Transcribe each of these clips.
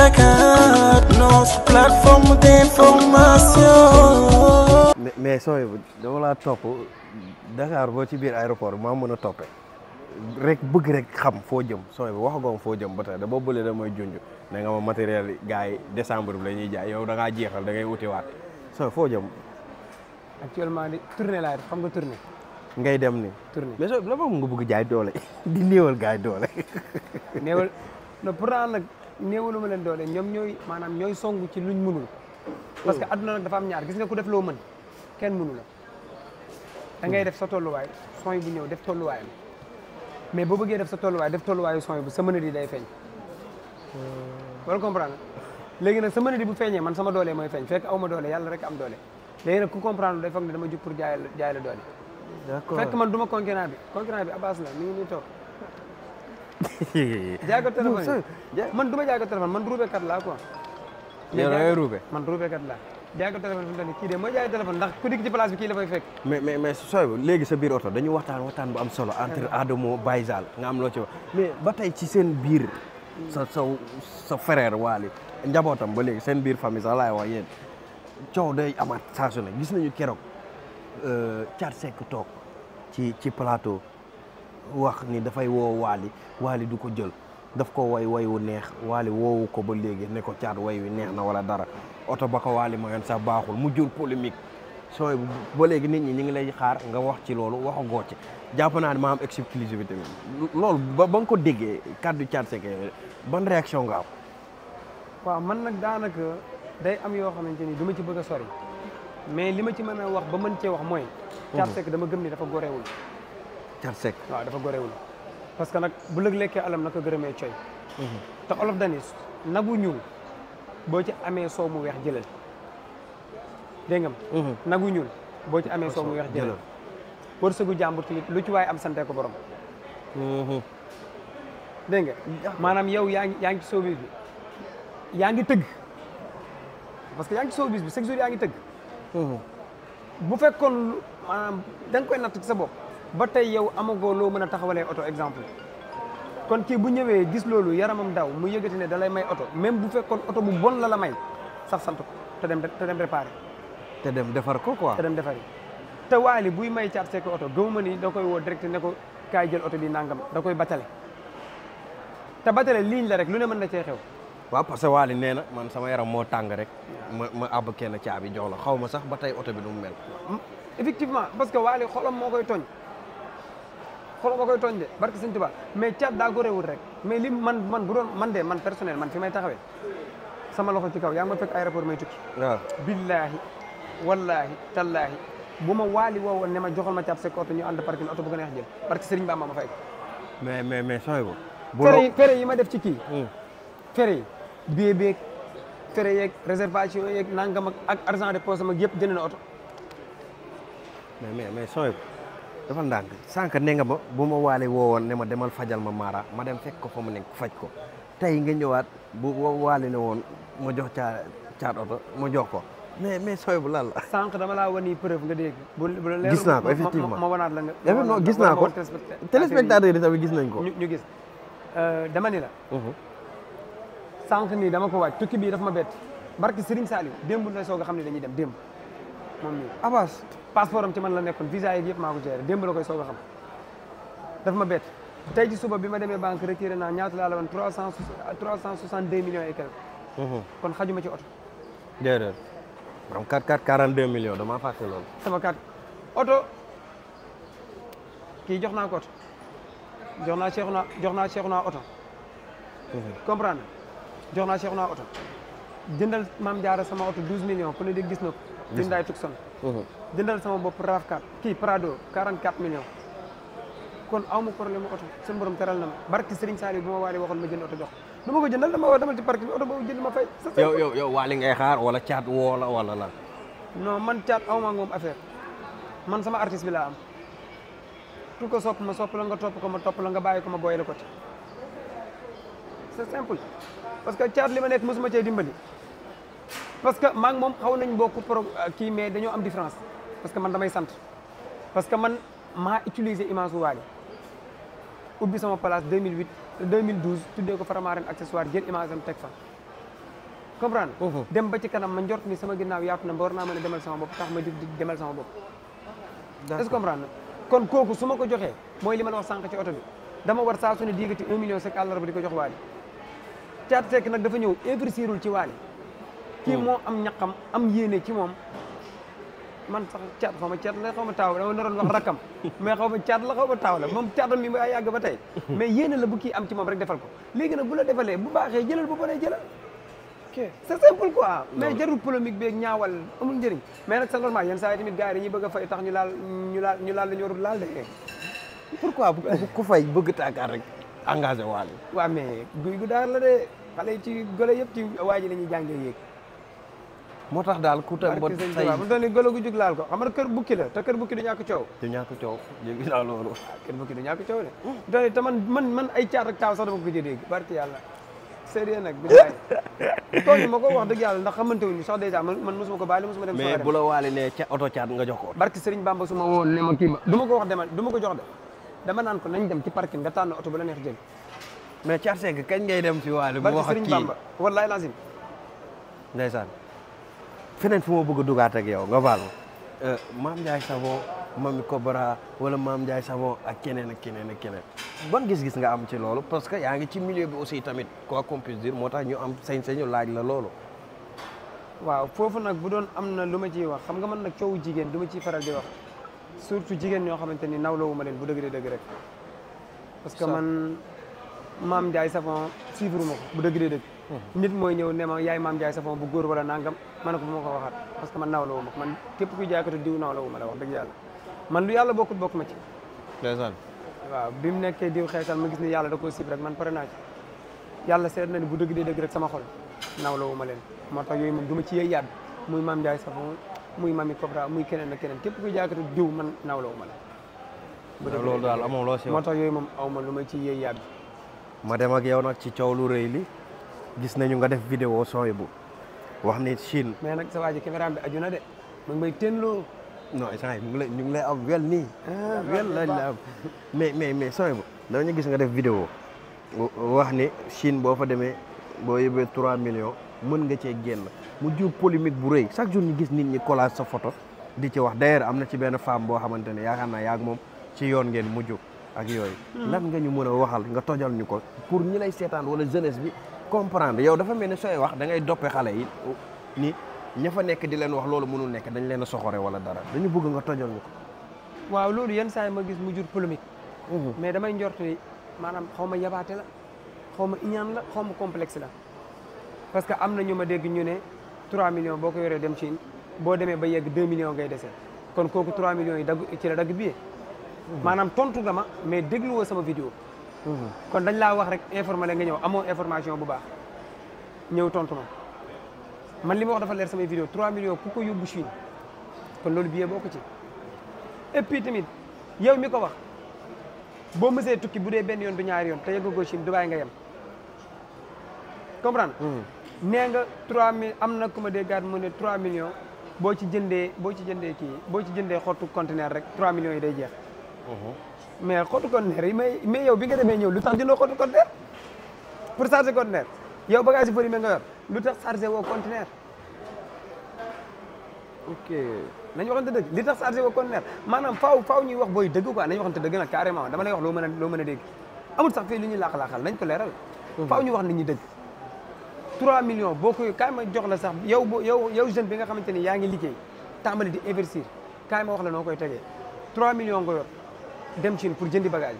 Dakar, notre plateforme mais mais sooy dama laa topp Dakar boo ci biir aéroport bi maa mën a toppee rek bëgg rek xam foo jëm sooy wax nga foo jëm ba tey da boo bële da mooy junj ne nga ma matériel yi gars yi décembre la ñuy jaay yow da ngaa jeexal da ngay wutiwaat sooy foo jëm. actuellement di tournée laa xam nga tournée. ngay dem ni tournée mais sooy la moom nga bëgg jaay doole di néewal gaay doole. néewal non pourtant nag. néewaluma leen doole ñoom ñooy maanaam ñooy songu ci luñ mënul parce que adduna mm. nag dafa am ñaar gis nga ku def loo mën kenn mënu la da ngay mm. def sa tolluwaay son bu ñëw def tolluwaayam mais boo bëggee def sa tolluwaay def tolluwaayu son bu sa mën di day feeñ wala mm. comprendre léegi nag sa mën a di bu feeñee man sama doolee mooy feeñ fekk aw doole yàlla rek am doole léegi nag ku comprendre day foog ne dama jug pour jaay la jaay la doole fekk man du ma concurrent bi concurrent bi Abbas la mi jaay ko téléphone man du ma jaay ko téléphone man ruube kat laa quoi. yow da ngay ruube man ruube kat laa. jaay ko téléphone fi mu toll nii kii de mooy jaay téléphone ndax ku dikk ci place bi kii la fay fekk. mais mais mais sooy léegi sa biir oto dañu waxtaan waxtaan bu am solo entre ah. Adamo Baye Zal nga am loo ci wax mais ba tey ci seen biir. sa sa sa frère Waly njabootam ba léegi seen biir famille sax laay wax yéen coow day amaat saa su ne gis nañu keroog euh, Thiat Seck toog ci ci plateau. wax ni dafay woo waali waali du ko jël daf ko way way wu neex waali woowu ko ba léegi ne ko caat way wi neex na wala dara oto ba ko waali mayoon sax baaxul mu jur polémique sooy ba léegi nit ñi ñu ngi lay xaar nga wax ci loolu wax goo ci jàpp naa ne maa am exclusivité bi loolu ba ba ko déggee kàddu caat Seck ban réaction nga am. waaw man nag daanaka day am yoo xamante ni du ci bëgg a sori mais li ma ci mën a wax ba mën cee wax mooy. Mhm. caat Seck dama gëm ni dafa góorewul car sec waaw dafa gorewul parce que nag bu lëg lekkee alam na ko gërëmee coy mhm. te olof danis nagu ñuul boo ci amee soow mu weex jëlal dégg nga mhm. nagu ñuul boo ci amee soow mu weex jëlal wërsëgu jàmbur tamit lu ci waaye am sante ko borom mhm. dégg nga maanaam yow yaa ngi yaa ngi ci showbiz bi yaa ngi tëgg parce que yaa ngi ci bi chaque jour yaa ngi tëgg bu fekkoon maanaam da koy natt ci sa bopp ba tey yow amagoo loo mën a taxawalee oto exemple kon kii bu ñëwee gis loolu yaramam daw mu yëgati ne dalay may oto même bu fekkoon oto bu bon la la may sax sant ko te dem te dem réparé. te dem defar ko quoi. te dem defar te waali buy may caat sekk oto gëmuma ni da koy woo direct ne ko kaay jël oto bi nangam da koy batale te batale ligne la rek lu ne mën na cee xew. waaw parce que waali nee na man sama yaram moo tàng rek ma ma àbb kenn caabi jox la xaw ma sax ba tey oto bi nu mu mel. Hmm? effectivement parce que waali xolam moo koy tooñ. xolo ba koy tooñ de barke sëñ Tuubaa mais caat daa góorewul rek mais li man man bu doon man de man personnel man fi may taxawee sama loxo ci kaw yaa ngi ma fekk aéroport may tukki waaw billaahi wallaahi tallaahi bu ma waali woowoon ne ma joxal ma caat sekk oto ñu ànd parking oto bu ko neex jël barke sëriñ Bamba ma fay mais mais mais sooy bu fere fere yi ma def ci kii hmm. fere yi bie beeg fere yeeg réservation yeeg nangam ak argent de poche am ak yëpp jënd na oto mais mais mais sooy bu dafa ndànk sànq ne nga ba bu ma waale woowoon ne ma demal fajal ma maara ma dem fekk ko fa mu nekk faj ko tey nga ñëwaat bu waale ne woon moo jox caa caat oto ma jox ko mais mais sooy bu lan la. sànq dama laa wan ni preuve gis naa ko la nga. Eh non gis naa ko téléspectateur yi tamit gis nañ ko. ñu gis euh, dama ni la. Mhm. sànq nii dama ko waaj tukki bii daf ma bett barki Serigne Saliou démb la soog a xam ne dañuy dem démb. moom mii Abbas passeport am ci man la nekkoon visa yi yëpp maa ko géré démb la koy soog a daf ma bett tey ji suba bi ma demee banque retiré naa ñaata laa la woon trois cent ah, trois cent soixante deux millions et quelques. Mhm. kon xajuma ci oto. déedéet borom 4 4 42 millions damaa fàtte loolu. sama 4 oto kii jox naa ko oto jox naa Cheikh naa jox naa Cheikh naa oto. Mhm. comprendre jox naa Cheikh naa oto jëndal maam jaara sama oto 12 millions ku ne gis na Hyundai Tucson mhm. jëndal sama bopp RAV4 kii Prado 44 millions kon aw ma problème oto seen borom teral na ma barki Serigne Saliou bi ma waali waxoon ma jënd oto jox du ma ko jëndal dama wax demal ci parc bi oto boobu jënd ma fay yow yow yow waali nga xaar wala caat woo la wala la non man caat aw maa ngoom affaire man sama artiste bi laa am ku ko sopp ma sopp la nga topp ko ma topp la nga bàyyi ko ma booyale ko ci c'est simple parce que caat li ma nekk mosuma cee dimbali parce que maa ngi moom xaw nañ bokk pro euh, kii mais dañoo am différence parce que man damay sant parce que man maa utiliser image Wally ubbi sama place 2008 2012 tuddee ko Faramaren accessoire jël image am teg fa comprendre dem ba ci kanam ma njort ni sama ginnaaw yaatu na ba war naa a demal sama bopp tax ma di demal sama bopp est-ce que kon kooku su ma ko joxee mooy li ma la wax sànq ci oto bi dama war saa su ne diigati un million di ko jox Wally Thiate Seck nag dafa ñëw investirul ci Wally kii moo am ñaqam am yéene ci moom man sax caat xaw ma caat la xaw ma taaw dama naroon wax rakam mais xaw ma caat la xaw ma taaw la moom caatam mi ba yàgg ba tey mais yéene la bu kii am ci moom rek defal ko léegi nag bu la defalee bu baaxee jëlal bu bonee jëlal ok c'est simple quoi mais jarul polémique beeg ñaawal amul njëriñ mais nag c'est normal yenn saa yi tamit gars yi dañuy bëgg a fay tax ñu laal ñu laal ñu laal la ñu warul laal de pourquoi ku fay bëgg taakaar rek engagé waale waaw mais guy gu daar la de xale ci gole yëpp ci waa ji la ñuy jàngee yéeg moo tax daal ku tënk ba say waaw mu ko xam nga kër bukki la te kër bukki du ñàkk coow du ñàkk coow dégg naa loolu ah, kër bukki du ñàkk wax dëgg yàlla ndax xamante wuñu sax dèjà man mosuma ko bàyyi mosuma dem ko barki Serigne Bamba su ma woon ne ma kii ma ko wax demal du ko jox de dama naan ko nañ dem ci parking nga tànn oto ba la neex jël mais caat seeg kañ ngay dem si waali bu wax ak kii barki Serigne Bamba wallaay lazim feneen fu ma bëgg a dugaat ak yow nga baal ma euh, maam Ndiaye Savon mami Cobra wala maam Ndiaye Savon ak keneen ak keneen ak keneen ban gis-gis nga am ci loolu parce que yaa ngi ci milieu bi aussi tamit quoi qu'on puisse dire moo tax ñu am sañ-sañu laaj la loolu. waaw foofu nag bu doon am na lu ma ciy wax xam nga man nag coowu jigéen du ma ciy faral di wax surtout jigéen ñoo xamante ni nawloowu ma leen bu dëgg dëgg rek. parce que man maam Ndiaye Savon suivre ma bu dëgg dëgg. nit mooy ñëw ne ma yaay maam jaay savon bu góor wala nangam ma ne ko bu ma ko waxaat parce que man naw la wu ma man képp kuy la wu bokkut bokk ma ci ndeysaan waaw bi mu nekkee diw xeesal ma gis ni yàlla da ko sib rek man pare naa ci yàlla seet na ni bu dëgg dee dëgg rek sama xol naw la wu ma leen moo tax yooyu moom du ma ci yey yàdd muy maam jaay savon muy mami Cobra muy keneen ak képp kuy jaaykatu diw man naw ma la loolu daal amoo loo si yooyu moom aw ma lu ma ci yéey yàbbi ma dem ak yow nag ci coow lu rëy li gis nañu nga def vidéo sooy bu wax ni Chine. mais nag sa waa ji caméra bi na de mu ngi may tënloo. non saa yi mu ngi lay ñu ngi lay am wel nii. Ah, wel lañ la mais mais mais sooy bu dañu gis nga def vidéo wax ni Chine boo fa demee boo yóbbee 3 millions mën nga cee génn mu jur polémique bu rëy chaque jour ñu gis nit ñi collage sa photo di ci wax d'ailleurs am na ci benn femme boo xamante ne yaakaar naa yaa ak moom ci yoon ngeen mujj ak yooyu. Hmm. lan nga ñu mën a waxal nga tojal ñu ko pour ñi lay seetaan wala jeunesse bi. comprendre yow dafa mel ni sooy wax da ngay doppe xale yi ni ña fa nekk di leen wax loolu mënul nekk dañ leen a soxore wala dara dañu bëgg nga tojal ñu ko. waaw loolu yan saa yi ma gis mu jur polémique. Mhm. mais damay njortu maanaam xaw ma yabaate la xaw ma iñaan la xaw ma complexe la. parce que am na ñu ma dégg ñu ne 3 millions boo ko yoree dem Chine boo demee ba yegg 2 millions ngay dese kon kooku 3 millions yi dagg ci la dagg billet. Mhm. maanaam tontu nga ma mais dégluwoo sama vidéo kon dañ laa wax rek informé nga ñëw amoo information bu baax ñëw tontu ma man li ma wax dafa leer samay vidéo 3 millions ku ko yóbbu Chine kon loolu billet bokk ci et puis tamit yow mi ko wax boo mësee tukki bu dee benn yoon du ñaari yoon te yëggagoo Chine Dubaay nga yem comprendre hmm. nee nga 3000 am na ku ma déggaat mu ne 3 millions boo ci jëndee boo ci jëndee kii boo ci jëndee xottu conteneur rek 3 millions yi day jeex hmm. mais xottu conteneur yi mais mais yow bi nga demee ñëw lu tax jëndoo xottu conteneur pour charger conteneur yow bagage yi bëri me nga yor lu tax charger woo conteneur ok nañu waxante dëgg li tax chargé ko conteneur maanaam faaw faaw ñuy wax booy dëgg quoi nañu waxante dëgg nag carrément dama lay wax loo mën a loo mën a dégg amul sax fii lu ñuy laax-laaxal ko leeral mhm. faaw ñu wax nit ñi dëgg 3 millions boo koy kaay ma jox la sax yow b yow yow jeune bi nga xamante ni yaa ngi liggéey tàmbali di investir kaay ma wax la noo koy tegee 3 million nga yor dem Chine pour jëndi bagage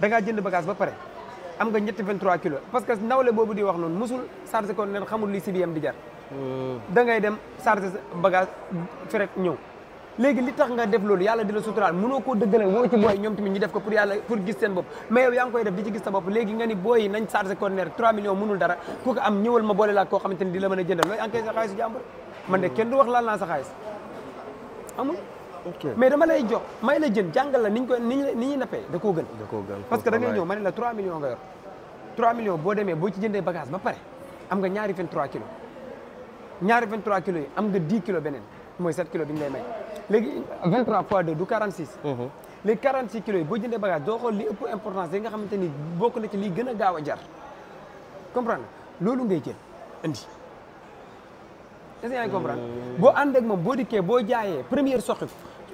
da ngaa jënd bagage ba pare am nga ñetti 23 kilos parce que nawle boobu di wax noonu musul chargé ko nen xamul li CBM di jar. Hmm. da ngay dem chargé sa bagage fret ñëw. léegi li tax nga def loolu yàlla di la suturaal mënoo koo dëggale woo ci ñu def ko pour yàlla pour gis seen bopp mais yow yaa ngi koy def di ci gis sa bopp léegi nga ni booy nañ chargé conteneur 3 millions mënul dara ku ko am ñëwal ma boole laa koo xamante ni di la mën a jëndal looy encaissé sa xaalisu jàmbur a de mais dama lay jox may la jën jàngal la ni ñu ni ñuy nappee da koo gën da koo gën parce que da ngay ñëw ma ne la 3 millions nga yor 3 millions boo demee boo ci jëndee bagage ba pare am nga ñaari 23 kilos ñaari 23 kilos yi am nga 10 kilos beneen mooy 7 kilos bi ñu lay may léegi 23 fois 2 du 46 mhm. léegi 46 kilos yi boo jëndee bagage doo xool li ëpp importance yi nga xamante ni bokk na ci lii gën a gaaw a jar comprendre loolu ngay jël indi est-ce que hmm. boo ànd ak boo dikkee boo jaayee première soxi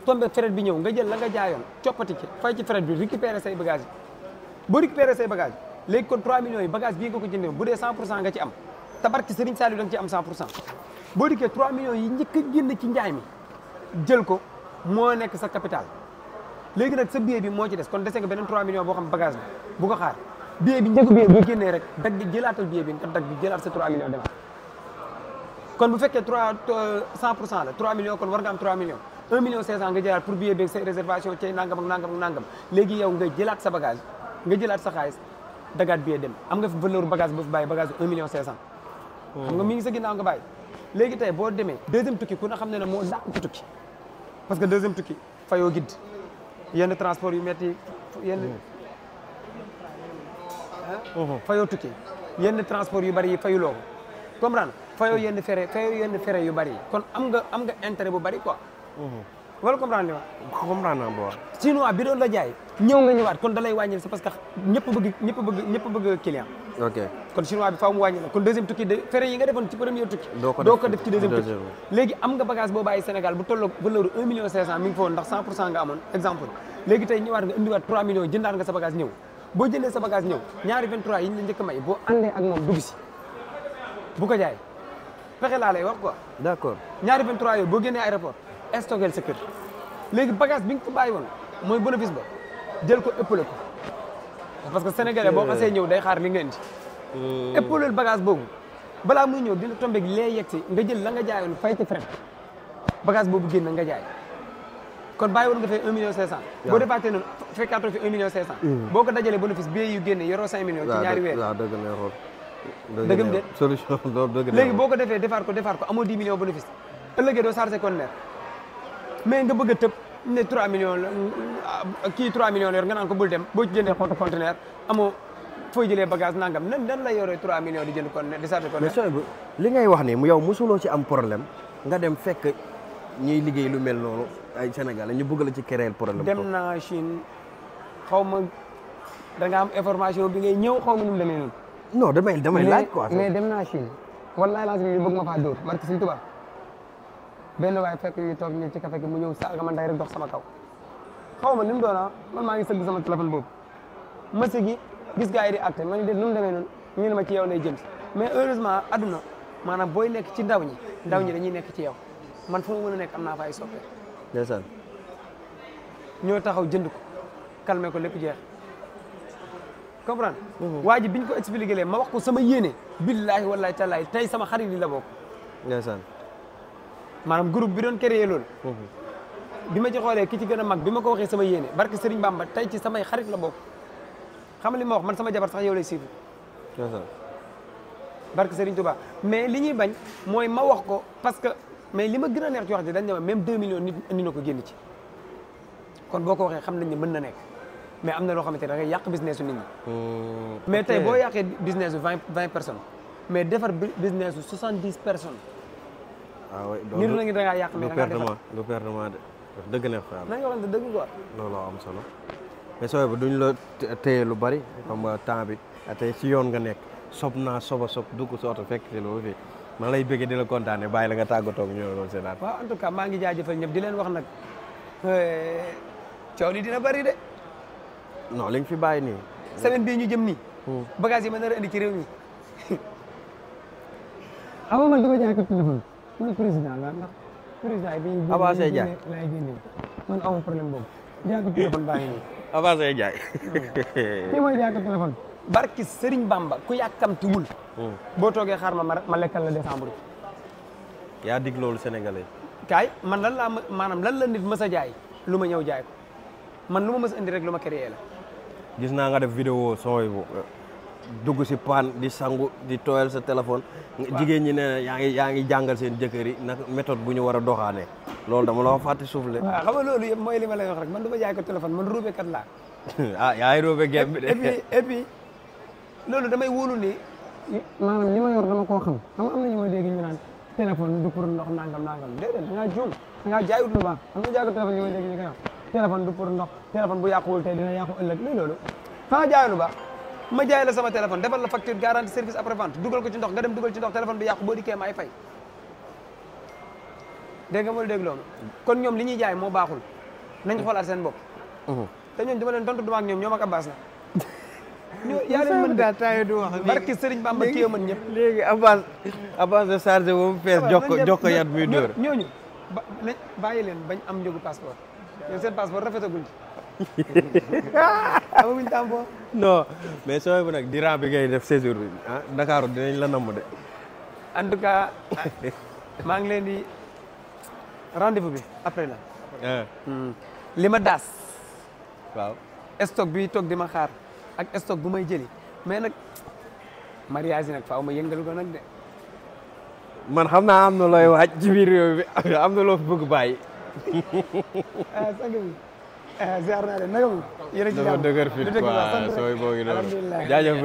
tombé fret bi ñëw nga jël la nga jaayoon coppati ci fay ci fret bi récupérer say bagages yi boo récupérer say bagages léegi kon 3 millions yi bagage bii nga ko jëndee bu dee 100 pour cent nga ci am tabarki Serigne Saliou da nga ci am 100 pour cent boo millions yi njëkk a génn ci njaay mi jël ko moo nekk sa capital léegi nag sa billet bi moo ci des kon dese nga beneen 3 millions boo xam bagage bi bu ko xaar billet bi njëkk dag di jëlaatal billet bi dag bi jëlaat sa 3 millions demaat kon fekkee 3 100 euh, pour cent la kon war nga am 3 1 million 500 nga jëlaat pour billet beeg say nangam ak léegi yow nga jëlaat sa bagage nga jëlaat sa xaalis dagaat billet dem am nga fi valeur bagage boo fi bàyyi bagage bi 1 million 500. xam nga mi ngi sa ginnaaw nga bàyyi. léegi tey boo demee deuxième tukki ku ne xam ne ne moo dàq ci tukki parce que deuxième tukki fayoo gidd yenn transport yu metti yenn. Mm. Mm-hmm. fayoo tukki yenn transport yu bari yi fayuloo ko comprendre fayoo mm. yenn fere yenn fere yu bari kon am nga am nga intérêt bu bari quoi. wala mm-hmm. comprendre nga waaw. comprendre naa waaw. chinois ah, bi doon la jaay. ñëw nga ñëwaat kon da lay wàññil c'est parce que ñëpp bëgg kon chinois bi faaw mu wàññi kon deuxième tukki fere yi nga defoon ci premier tukki. doo ko def doo def ci deuxième tukki. léegi am nga bagage boo bàyyi Sénégal bu tolloog valeur un million cinq cent mi ngi fa woon ndax cent pour cent nga amoon exemple léegi tey ñëwaat nga indiwaat trois millions jëndaat nga sa bagage ñëw boo jëndee sa bagage ñëw ñaari a may boo àndee bu ko jaay pexe laa lay wax quoi. d'accord ñaari 23 yooyu boo génnee aéroport stockeel sa kër léegi bagage bi nga ko bàyyi woon mooy bénéfice ba jël ko épaulé ko parce que sénégalais boo see ñëw day xaar li nga indi euh. épaulé bagage boobu balaa muy ñëw dina tombeeg lee yegg si nga jël la nga jaayoon fay ci fret bagage boobu génn nga jaay kon bàyyi woon nga fay un million cinq cent boo defaatee noonu fi un million cinq mm. boo ko dajalee bénéfice bii yu génne yoroo cinq millions ci léegi boo ko defee defaat ko defaat ko amoo dix millions bénéfice ëllëgee doo mais nga bëgg a tëb ne 3 millions la euh, kii 3 millions la nga naan ko bul dem boo ci jëndee compte conteneur amoo fooy jëlee bagage nangam nan nan la yoree 3 millions di jënd conteneur di chargé conteneur. mais bu li ngay wax ni mu yow mosuloo ci am problème nga dem fekk ñuy liggéey lu mel noonu ay Sénégalais ñu bëgg la ci créer problème. dem naa Chine xaw ma da nga am information bi ngay ñëw xaw ma nu mu demee noonu. non damay damay laaj quoi. mais dem naa Chine wallaahi laa bëgg ma faa dóor barke Sëñ Tuubaa benn waay fekk ñu toog ñu ci café gi mu ñëw saaga man day rek dox sama kaw xaw ma li mu doon ah, man maa ngi sëgg sama téléphone boobu ma sigi gis gaa yi di acté ma de nu mu demee noonu ñu ne ma ci yow lay jëm mais heureusement adduna maanaam booy nekk ci ndaw ñi ndaw ñi dañuy nekk ci yow man fu mu mën a nekk am naa fa ay soppe ndeysaan ñoo taxaw jënd ko calmé ko lépp jeex comprendre mhm. waa ji biñ ko expliqué ma wax ko sama yéene billaahi wallaahi tallaahi tey sama xarit yi la bokk ndeysaan maanaam group bi doon créé loolu mhm. bi ma ci xoolee ki ci gën a mag bi ma ko waxee sama yéene barke Serigne Bamba tey ci samay xarit la bokk xam li ma wax man sama jabar sax yow lay siifu barke Serigne Touba mais li ñuy bañ mooy ma wax ko parce que mais li ma gën a neex ci wax ji dañ ne ma même 2 millions nit indi na ko génn ci kon boo ko waxee xam nañ ne mën na nekk mais am na loo xamante ne da ngay yàq business su nit ñi. Hmm. mais tey boo yàqee business su vingt vingt personnes mais defar business su soixante dix personnes. waaw ah, niru nañu da ngaa yàq mais da ngaa du perdement de wax dëgg neex fa yàlla. na nga waxante loolu am solo mais sooy bu duñ la téye lu bari comme euh, temps bi ah, tey si yoon nga nekk sob naa soba sob dugg si oto fekk si loolu fii man lay bëggee di la kontaane bàyyi la nga tàggatoo ak ñoom loolu seetaan. waaw en maa ngi jaajëfal ñëpp di leen wax nag eh, coow bari de. non li nga fi bàyyi nii. ñu jëm nii. Hmm. bagage yi ci réew mu président la ndax président yi. avancé jaay laay génne man aw problème boobu jaaka téléphone baa ngi nii. avancé jaay. kii mooy jaaka téléphone. Bamba ku yàkkamtiwul. Hmm. boo toogee xaar ma ma lekkal la décembre. yaa dig loolu kaay man lan laa maanaam lan la nit mës a jaay lu ma ñëw jaay man lu ma mës a indi rek lu ma créé la. gis naa nga def vidéo sooy bu. dugg si paan di sangu di tooyal sa téléphone. jigéen ñi nee na yaa ngi yaa ngi jàngal seen jëkkër yi nag méthode bu ñu war a doxaanee. loolu dama la ko fàtte suuf la. mooy li ma lay wax man du ma jaay ko téléphone man ruubekat laa. ah yaa ruube gem de. et puis et puis loolu damay wóolu ni. maanaam li ma yor dama koo xam xam nga am na ñu may dégg ñu naan téléphone du pour ndox nangam nangam déedéet da ngaa juum da ngaa jaayut lu baax am na ndox téléphone bu yàquwul tey loolu xanaa jaay lu ma jaay la sama téléphone defal la facture garantie service après dugal ko ci nga dem dugal ci ndox téléphone bi yàqu boo dikkee maay fay dégg nga ma dégg kon ñoom li ñuy jaay moo baaxul nañ xoolaat seen bopp te ñoom dama leen tontu duma ak ñoom ñoom ak baas na yaa leen mën daal tayo du wax barki Serigne Bamba kii mën ñëpp léegi Abbas Abbas de chargé boobu fees jox ko jox ko yat muy dóor ñooñu bàyyi leen bañ am njëgu passeport ñoom seen passeport rafetagul ci Ah, amaguñ temps non mais sooy bu nag di bi ngay def séjour bi ah Dakar dinañ la namm de. en ah, maa ngi leen di rendez-vous bi après la. Eh. Hmm. li ma daas. waaw stock bi toog di ma xaar ak stock bu may jëli mais nag mariage yi nag faaw ma yëngalu ko nag de. man xam naa am na looy waaj ci biir bi am na loo baay Eh, ziar naa leen naka mu. yéen a fit quoi sooy boo ngi noonu jaajëf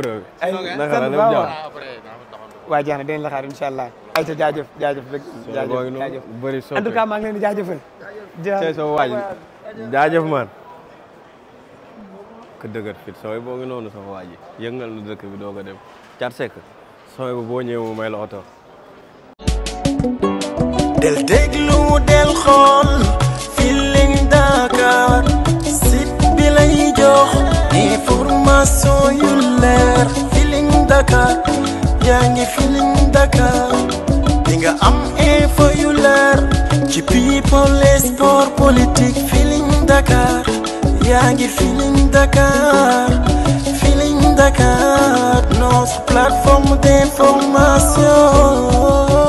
fit sooy boo ngi noonu sama waaj yi yëngal na bi doo dem car sek sooy bu boo ñëwee may la del déglu del xool. information yu leer Feeling Dakar yaa Feeling Dakar di nga am info yu leer ci people et sport politique Feeling Dakar yaa ngi Feeling Dakar Feeling Dakar nos plateforme d'information